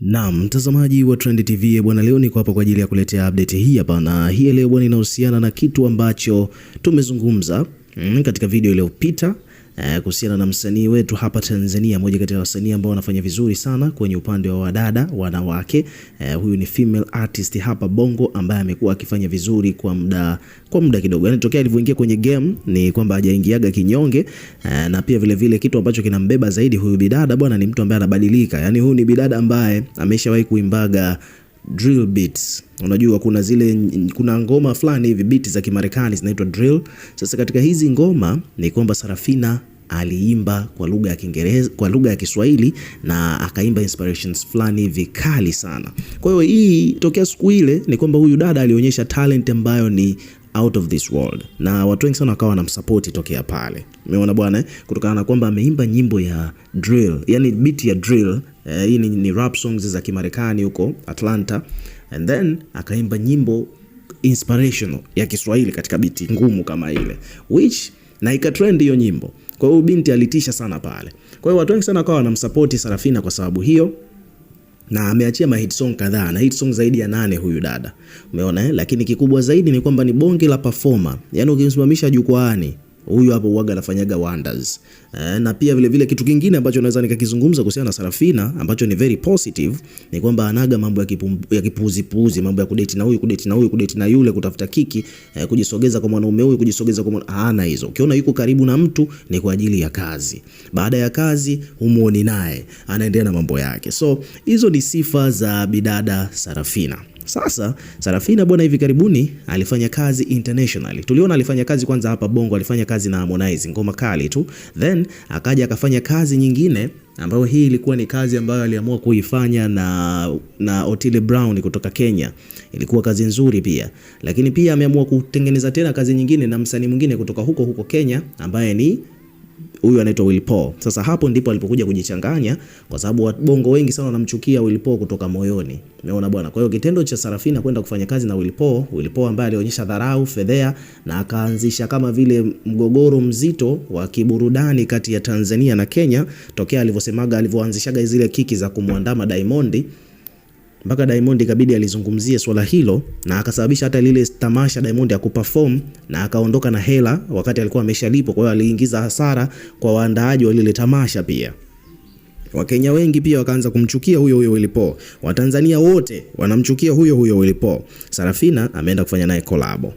Na mtazamaji wa Trend TV bwana, leo niko hapa kwa ajili ya kuletea update hii hapa, na hii leo bwana inahusiana na kitu ambacho tumezungumza mm, katika video iliyopita Eh, kuhusiana na msanii wetu hapa Tanzania, moja kati ya wasanii ambao wanafanya vizuri sana kwenye upande wa wadada wanawake. Eh, huyu ni female artist hapa Bongo ambaye amekuwa akifanya vizuri kwa muda kwa muda kidogo, yani tokea alivyoingia kwenye game ni kwamba hajaingiaga kinyonge, eh, na pia vile vile kitu ambacho kinambeba zaidi huyu bidada bwana ni mtu ambaye anabadilika, yani huyu ni bidada ambaye ameshawahi kuimbaga drill beats. Unajua kuna zile kuna ngoma fulani hivi beat za Kimarekani zinaitwa drill. Sasa katika hizi ngoma ni kwamba Sarafina aliimba kwa lugha ya Kiingereza, kwa lugha ya Kiswahili na akaimba inspirations fulani vikali sana. Kwa hiyo hii tokea siku ile ni kwamba huyu dada alionyesha talent ambayo ni out of this world, na watu wengi sana wakawa wanamsupport tokea pale. Umeona bwana, kutokana na kwamba ameimba nyimbo ya drill, yani beat ya drill Eh, hii ni, ni rap songs za Kimarekani huko Atlanta, and then akaimba nyimbo inspirational ya Kiswahili katika biti ngumu kama ile which na ikatrend hiyo nyimbo. Kwa hiyo binti alitisha sana pale, kwa hiyo watu wengi sana wakawa wanamsupport Sarafina kwa sababu hiyo, na ameachia mahit song kadhaa na hit song zaidi ya nane huyu dada, umeona eh? Lakini kikubwa zaidi ni kwamba ni bonge la performer, yani ukimsimamisha jukwaani Huyu hapo uwaga anafanyaga wonders. Eh, na pia vile vile kitu kingine ambacho naweza nikakizungumza kuhusiana na Sarafina ambacho ni very positive ni kwamba anaga mambo ya kipuuzi ya kipuzi puzi mambo ya kudeti na huyu kudeti na huyu kudeti na yule, kutafuta kiki eh, kujisogeza kwa mwanaume huyu kujisogeza kwa mwanaume hana hizo. Ukiona yuko karibu na mtu ni kwa ajili ya kazi, baada ya kazi humuoni naye, anaendelea na mambo yake. So hizo ni sifa za bidada Sarafina. Sasa Sarafina bwana, hivi karibuni alifanya kazi internationally. Tuliona alifanya kazi kwanza hapa Bongo, alifanya kazi na Harmonize ngoma kali tu, then akaja akafanya kazi nyingine ambayo hii ilikuwa ni kazi ambayo aliamua kuifanya na, na Otile Brown kutoka Kenya. Ilikuwa kazi nzuri pia, lakini pia ameamua kutengeneza tena kazi nyingine na msanii mwingine kutoka huko huko Kenya ambaye ni huyu anaitwa Will Paul. Sasa hapo ndipo alipokuja kujichanganya, kwa sababu wabongo wengi sana wanamchukia Will Paul kutoka moyoni, umeona bwana. Kwa hiyo kitendo cha Sarafina kwenda kufanya kazi na Will Paul, Will Paul ambaye alionyesha dharau, fedhea na akaanzisha kama vile mgogoro mzito wa kiburudani kati ya Tanzania na Kenya tokea alivyosemaga, alivyoanzishaga zile kiki za kumwandama Diamond mpaka Diamond ikabidi alizungumzie swala hilo na akasababisha hata lile tamasha Diamond ya kuperform na akaondoka na hela wakati alikuwa ameshalipo. Kwa hiyo aliingiza hasara kwa waandaaji wa lile tamasha pia. Wakenya wengi pia wakaanza kumchukia huyo huyo Willy Paul. Watanzania wote wanamchukia huyo huyo Willy Paul. Sarafina ameenda kufanya naye kolabo.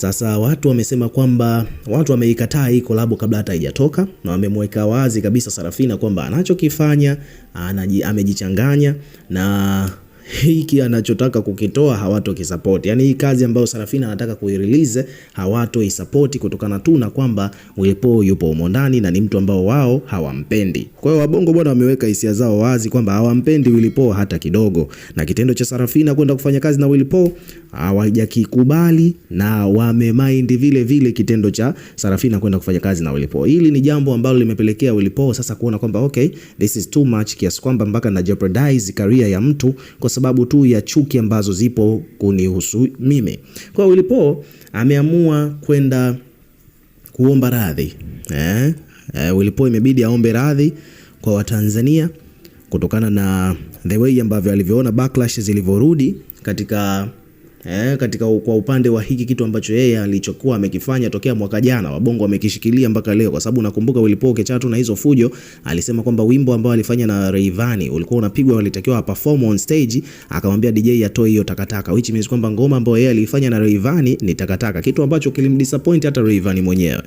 Sasa watu wamesema kwamba watu wameikataa hii kolabo kabla hata haijatoka, na wamemweka wazi kabisa Sarafina kwamba anachokifanya anaji, amejichanganya na hiki anachotaka kukitoa hawato hawatokisapoti. Yani hii kazi ambayo Sarafina anataka kuirelease hawato hawatoisapoti kutokana tu na kwamba Wilpo yupo humo ndani na ni mtu ambao wao hawampendi. Kwa hiyo wabongo bwana wameweka hisia zao wazi kwamba hawampendi Wilpo hata kidogo, na kitendo cha Sarafina kwenda kufanya kazi na Wilpo hawajakikubali na wamemind vile vile kitendo cha Sarafina kwenda kufanya kazi na Wilpo. Hili ni jambo ambalo limepelekea Wilpo sasa kuona kwamba okay, this is too much kiasi kwamba mpaka na jeopardize career ya mtu kwa sababu tu ya chuki ambazo zipo kunihusu mimi. Kwa hiyo Willy ameamua kwenda kuomba radhi eh? Eh, Willy imebidi aombe radhi kwa Watanzania kutokana na the way ambavyo alivyoona backlash zilivyorudi katika eh, katika kwa upande wa hiki kitu ambacho yeye alichokuwa amekifanya tokea mwaka jana, wabongo wamekishikilia mpaka leo, kwa sababu nakumbuka ulipoa ukichatu na hizo fujo, alisema kwamba wimbo ambao alifanya na Rayvanny ulikuwa unapigwa, walitakiwa perform on stage, akamwambia DJ atoe hiyo takataka, which means kwamba ngoma ambayo yeye aliifanya na Rayvanny ni takataka, kitu ambacho kilimdisappoint hata Rayvanny mwenyewe.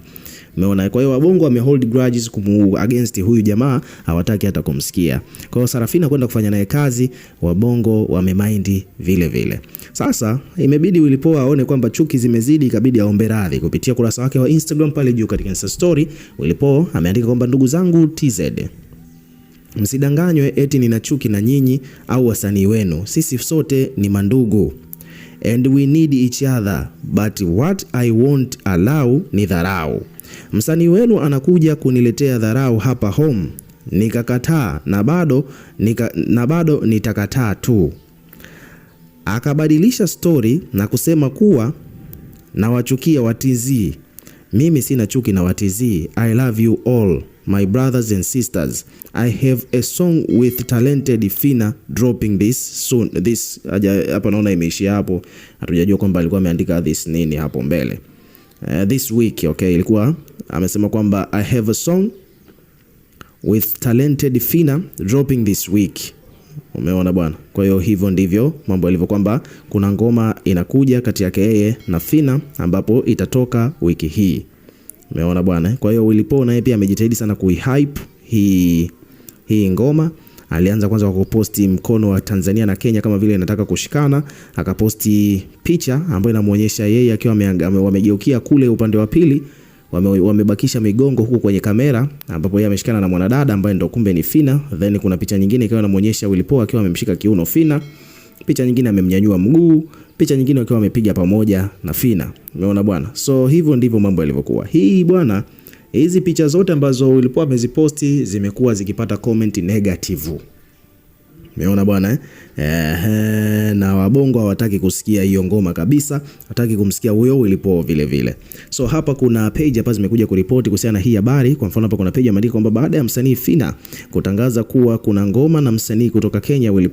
Umeona? Kwa hiyo wabongo wame hold grudges kumuu against huyu jamaa, hawataki hata kumsikia. Kwa hiyo Sarafina kwenda kufanya naye kazi, wabongo wamemind vile vile. Sasa imebidi Willipoa aone kwamba chuki zimezidi, ikabidi aombe radhi kupitia kurasa wake wa Instagram pale juu katika Insta story, Willipoa ameandika kwamba ndugu zangu TZ msidanganywe eti nina chuki na nyinyi au wasanii wenu. Sisi sote ni mandugu and we need each other but what I won't allow ni dharau msanii wenu anakuja kuniletea dharau hapa home, nikakataa na bado, nika, na bado nitakataa tu. Akabadilisha stori na kusema kuwa nawachukia watizii. Mimi sina chuki na watizii. I love you all my brothers and sisters. I have a song with talented Fina dropping this soon. This hapa naona imeishia hapo, hatujajua kwamba alikuwa ameandika this nini hapo mbele uh, this week okay, ilikuwa amesema kwamba I have a song with talented Fina dropping this week. Umeona bwana. Kwa hiyo hivyo ndivyo mambo yalivyo, kwamba kuna ngoma inakuja kati yake yeye na fina ambapo itatoka wiki hii. Umeona bwana. Kwa hiyo Willy Paul naye pia amejitahidi sana kuihype hii hii ngoma alianza kwanza kwa kuposti mkono wa Tanzania na Kenya kama vile inataka kushikana, akaposti picha ambayo inamuonyesha yeye akiwa wamegeukia kule upande wa pili wamebakisha wame migongo huko kwenye kamera ambapo yeye ameshikana na mwanadada ambaye ndo kumbe ni Fina. Then kuna picha nyingine ikiwa inamuonyesha Wilpo akiwa amemshika kiuno Fina, picha nyingine amemnyanyua mguu, picha nyingine akiwa amepiga pamoja na Fina. Umeona bwana, so hivyo ndivyo mambo yalivyokuwa. Hii bwana hizi picha zote ambazo ulikuwa ameziposti zimekuwa zikipata comment negative. Umeona bwana eh? wabongo hawataki kusikia hiyo ngoma kabisa, hataki kumsikia huyo ulipo vile vile. So hapa kuna page hapa zimekuja kuripoti kuhusiana na hii habari. Kwa mfano hapa kuna page imeandika kwamba baada ya msanii Fina kutangaza kuwa kuna ngoma na msanii kutoka Kenya Willy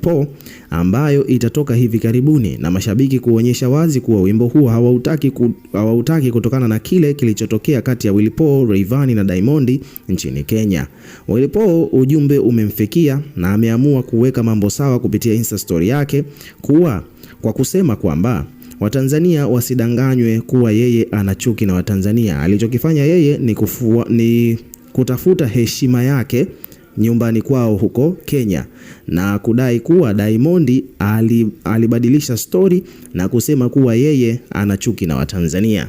ambayo itatoka hivi karibuni na mashabiki kuonyesha wazi kuwa wimbo huo hawautaki ku, hawautaki kutokana na kile kilichotokea kati ya Willipo, Paul, Rayvanny na Diamond nchini Kenya. Willipo ujumbe umemfikia na ameamua kuweka mambo sawa kupitia Insta story yake kuwa kwa kusema kwamba Watanzania wasidanganywe kuwa yeye ana chuki na Watanzania. Alichokifanya yeye ni, kufua, ni kutafuta heshima yake nyumbani kwao huko Kenya na kudai kuwa Diamond alibadilisha stori na kusema kuwa yeye ana chuki na Watanzania.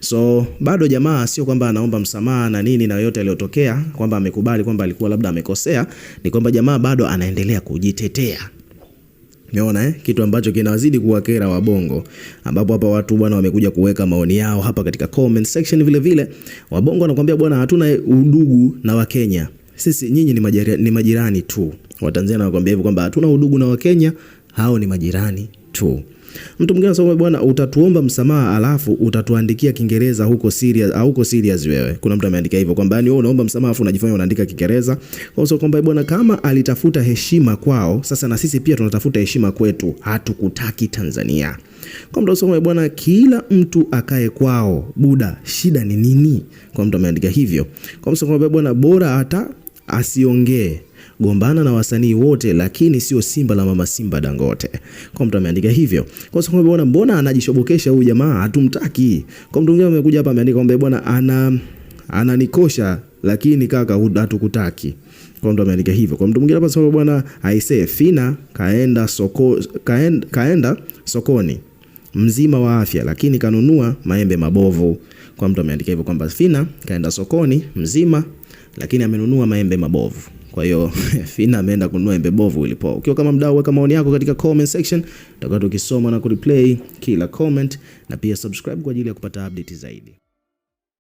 So bado jamaa sio kwamba anaomba msamaha na nini na yote aliyotokea, kwamba amekubali kwamba alikuwa labda amekosea, ni kwamba jamaa bado anaendelea kujitetea. Umeona eh? Kitu ambacho kinawazidi kuwakera wabongo ambapo hapa watu bwana wamekuja kuweka maoni yao hapa katika comment section vile vile. Wabongo wanakuambia bwana hatuna udugu na Wakenya. Sisi nyinyi ni majirani, ni majirani tu. Watanzania wanakuambia hivyo kwamba hatuna udugu na Wakenya, hao ni majirani tu. Mtu mwingine anasema bwana, utatuomba msamaha alafu utatuandikia Kiingereza huko Syria au huko Syria wewe. Kuna mtu ameandika hivyo kwamba yani wewe unaomba msamaha alafu unajifanya unaandika Kiingereza. Kwa sababu kwamba bwana, kama alitafuta heshima kwao, sasa na sisi pia tunatafuta heshima kwetu, hatukutaki Tanzania. Kwa mtu anasema bwana, kila mtu akae kwao, buda, shida ni nini? Kwa mtu ameandika hivyo. Kwa mtu anasema bwana, bora hata asiongee gombana na wasanii wote, lakini sio Simba la mama Simba Dangote. Kwa mtu ameandika hivyo. Kwa sababu bwana, mbona anajishobokesha huyu jamaa, hatumtaki. Kwa mtu mwingine amekuja hapa ameandika kwamba bwana ana ananikosha lakini kaka, hatukutaki. Kwa mtu ameandika hivyo. Kwa mtu mwingine hapa sababu bwana aisee, Fina kaenda soko, kaenda, kaenda sokoni mzima wa afya lakini kanunua maembe mabovu. Kwa mtu ameandika hivyo kwamba Fina kaenda sokoni mzima lakini amenunua maembe mabovu. Kwa hiyo Fina ameenda kununua embe bovu ili Ukiwa kama mdau, weka maoni yako katika comment section, tutakuwa tukisoma na kureplay kila comment, na pia subscribe kwa ajili ya kupata update zaidi.